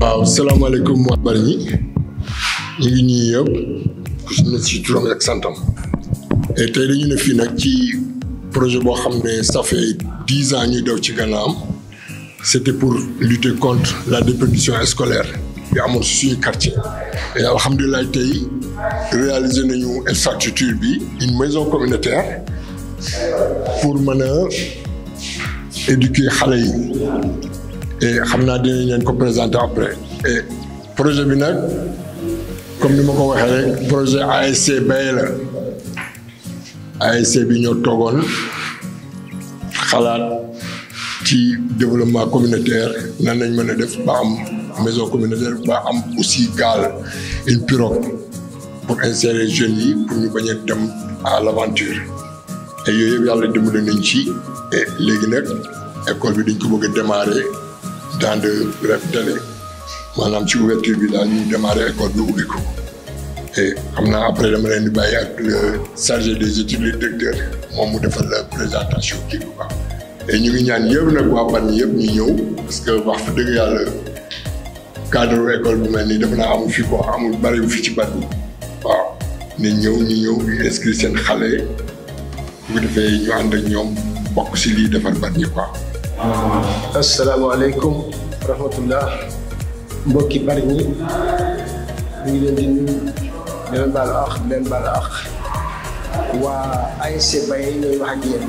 waaw alaykoum, moo Barini. ñi suis ngi nuyu yëpp ku santam et je suis venu à un projet qui xam ça fait 10 ans ñuy ci c'était pour lutter contre la déperdition scolaire et amoon quartier et Alhamdoulilah, nous avons nañu infrastructure bi une maison communautaire pour éduquer les yi et xam naa dinañ leen ko présenter après et projet bi nag comme ni ma ko waxee rek projet ASC Baye la ASC bi ñoo toogoon xalaat ci développement communautaire nan lañ mën a def ba am maison communautaire ba am aussi gaal une pirogue pour insérer jeunes yi pour ñu bañ a dem à l'aventure et yooyu yëpp yàlla dimbali nañ ci et léegi nag école bi dañ ko bëgg a démarrer dans de brefs délais maanaam ci ouverture bi daal ñuy démarrer école bi ubbi ko et xam naa après dama leen di bàyyi ak le chargé des études le directeur moom mu defal la présentation kii bu baax ñu ngi ñaan yëpp nag waa Bargny yëpp ñu ñëw parce que wax fa dëgg yàlla cadre école bu mel nii def naa amul fi ko amul bari fi ci Bargny waaw ni ñëw ñu ñëw inscrit seen xale bu defee ñu ànd ñoom bokk si lii defar Bargny quoi asalaamaaleykum wa rahmatullah mbokki bari ñi ñu ngi leen di nuyu di leen baalu waa ASC Baye ñooy wax ak yéen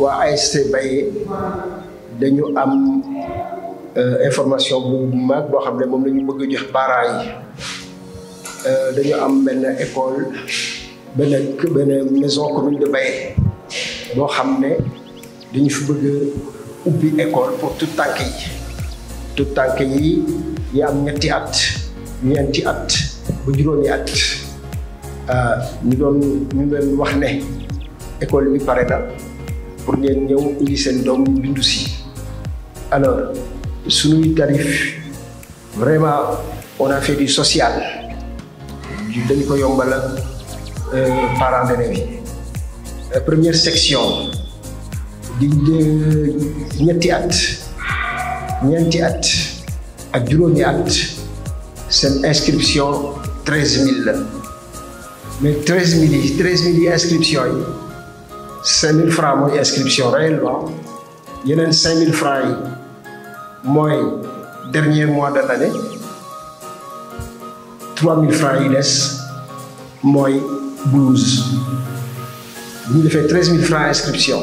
waa ASC Baye dañu am euh, information bu mag boo xam ne moom la bëgg a jox parents yi euh, dañu am benn école benn benn maison commune de Baye boo xam ne. dañu fi bëgg ubbi école pour tout tànk yi tout tànk yi ñu am ñetti at ñeenti at ba juróomi at euh, ñu doon ñu leen wax ne école bi pare na pour ngeen ñëw indi seen doom ñu bindu si alors suñuy tarif vraiment on a fait du social dañ ko yombal euh, parents d'élèves première section digde ñetti at ñenti at ak inscription 13 000. mais 13 000, inscriptions, 5 000 francs mooy inscription réellement a 5 000 francs dernier mois de l'année. 3000 3 000 francs les des 12 vous faites 13000 13 000 francs d'inscription.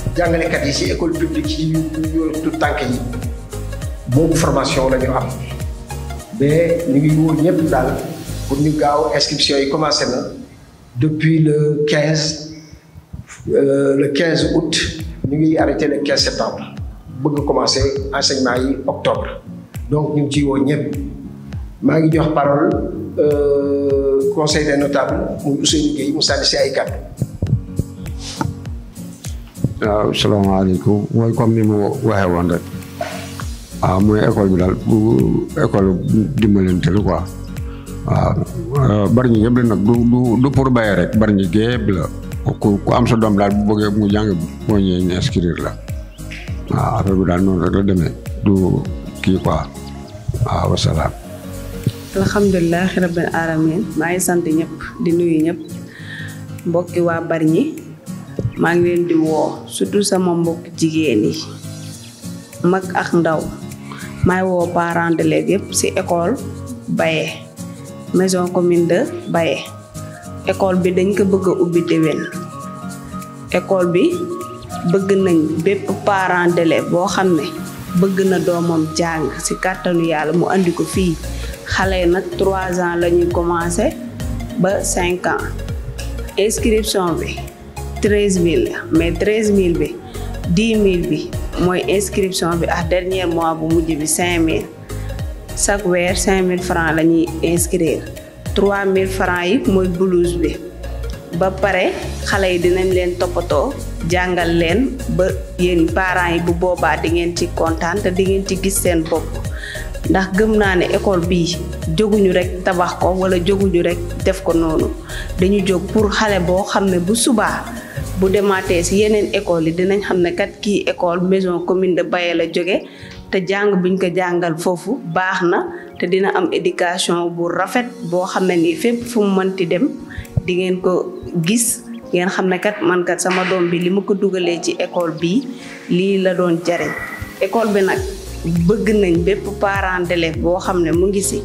jangale kat yi ci école publique yi tout tank beaucoup boobu formation la ñu am Mais ñu ngi wóor ñëpp daal pour ñu gaaw inscription yi commencé na depuis le 15 euh, le 15 août ñu ngi arrêter le 15 septembre bëgg commencé enseignement yi octobre donc ñu ngi ciy woo ñëpp maa ngi jox parole euh, conseil notable, notables muy Ousseynou Gueye Moussa Ndiaye Kane waaw salaamaaleykum mooy comme ni mu waxee woon rek waaw mooy école bi daal bu école dimbalante ah, ah, la quoi waaw bari ñi yëpp du du pour rek la am sa doom daal bu bëggee mu jàng boo ñëwee inscrire la waaw affaire bi daal noonu rek la demee du quoi ah, rabbil alamin di nuyu ñëpp mbokki maa ngi leen di woo surtout sama mbokk jigéen yi mag ak ndaw maay woo parents d'élèves yëpp ci école Baye maison commune de Baye école bi dañ ko bëgg a ubbi déwén école bi bëgg nañ bépp parent d'élève boo xam ne bëgg na doomam jàng ci kàttanu yàlla mu indi ko fii xale nag trois ans lañuy ñuy commencé ba cinq ans inscription bi treize mille mais treize mille bi dix mille bi mooy inscription bi ak dernier mois bu mujj bi cinq mille chaque weer cinq mille francs la ñuy inscrire trois mille francs yi mooy blouse bi ba pare xale yi dinañ leen toppatoo jàngal leen ba yéen parents yi bu boobaa di ngeen ci kontaan te di ngeen ci gis seen bopp ndax gëm naa ne école bii jóguñu rek tabax ko wala jóguñu rek def ko noonu dañu jóg pour xale boo xam ne bu subaa bu demaatee si yeneen école yi dinañ xam ne kat kii école maison commune de Baye la jóge te jàng biñ ko jàngal foofu baax na te dina am éducation bu rafet boo xam ne nii fépp fu mu ti dem di ngeen ko gis ngeen xam ne kat man kat sama doom bi li ma ko dugalee ci école bii lii la doon jariñ école bi nag bëgg nañ bépp parent d'élève boo xam ne mu ngi si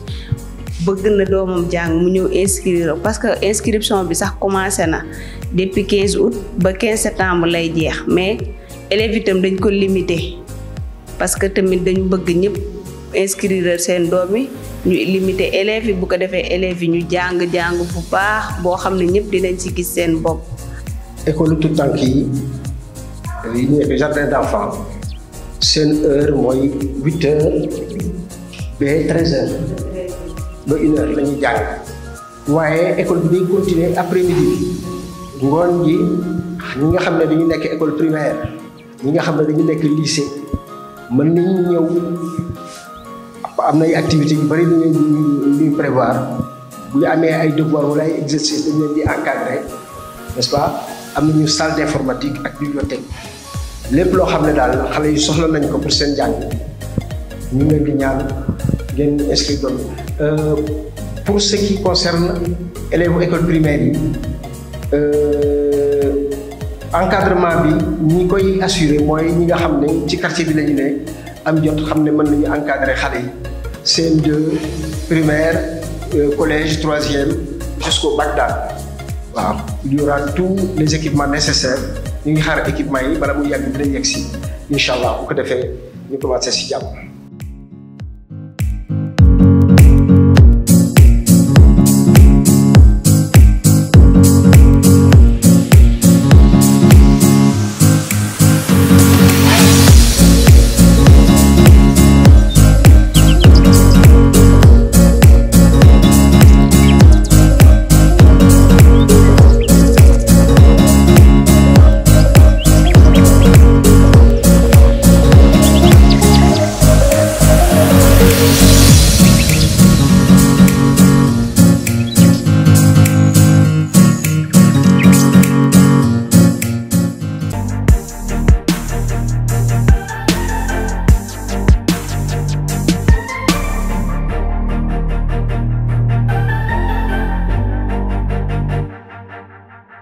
bëgg na doomam jàng mu ñëw inscrire parce que inscription bi sax commencé na depuis 15 août ba 15 septembre lay jeex mais élèves itam dañ ko limité parce que tamit dañu bëgg ñëpp inscrire seen doom yi ñu limité élève yi bu ko defee élèves yi ñu jàng jàng bu baax boo xam ne ñëpp dinañ ci gis seen bopp. école tout tànk yi li ñuy seen heure mooy huit heures ba treize heures. do une heure lañu jàng waaye école bi day continuer après midi ngoon ji ñi nga xam ne dañu nekk école primaire ñi nga xam ne dañu nekk lycée mën nañu ñëw am na ay activités yu bari dañu ñuy prévoir bu ñu amee ay devoir wala ay exercice dañu leen di encadrer n'est-ce pas am nañu salle d'informatique ak bibliothèque lépp loo xam ne daal xale yi soxla nañ ko pour seen jàng ñu leen di ñaan ngeen inscrit doon Euh, pour ce qui concerne élèves école primaire euh, encadrement bi ni koy assurer moy ñi nga xamné ci quartier bi lañu né am jot xamné mën encadrer xalé yi CM2 primaire euh, collège troisième jusqu'au bac d'art. waaw il y aura tous les équipements nécessaires ñu ngi équipement yi bala mu yàgg dinañ yegg inshallah incha allah bu ko defee ñu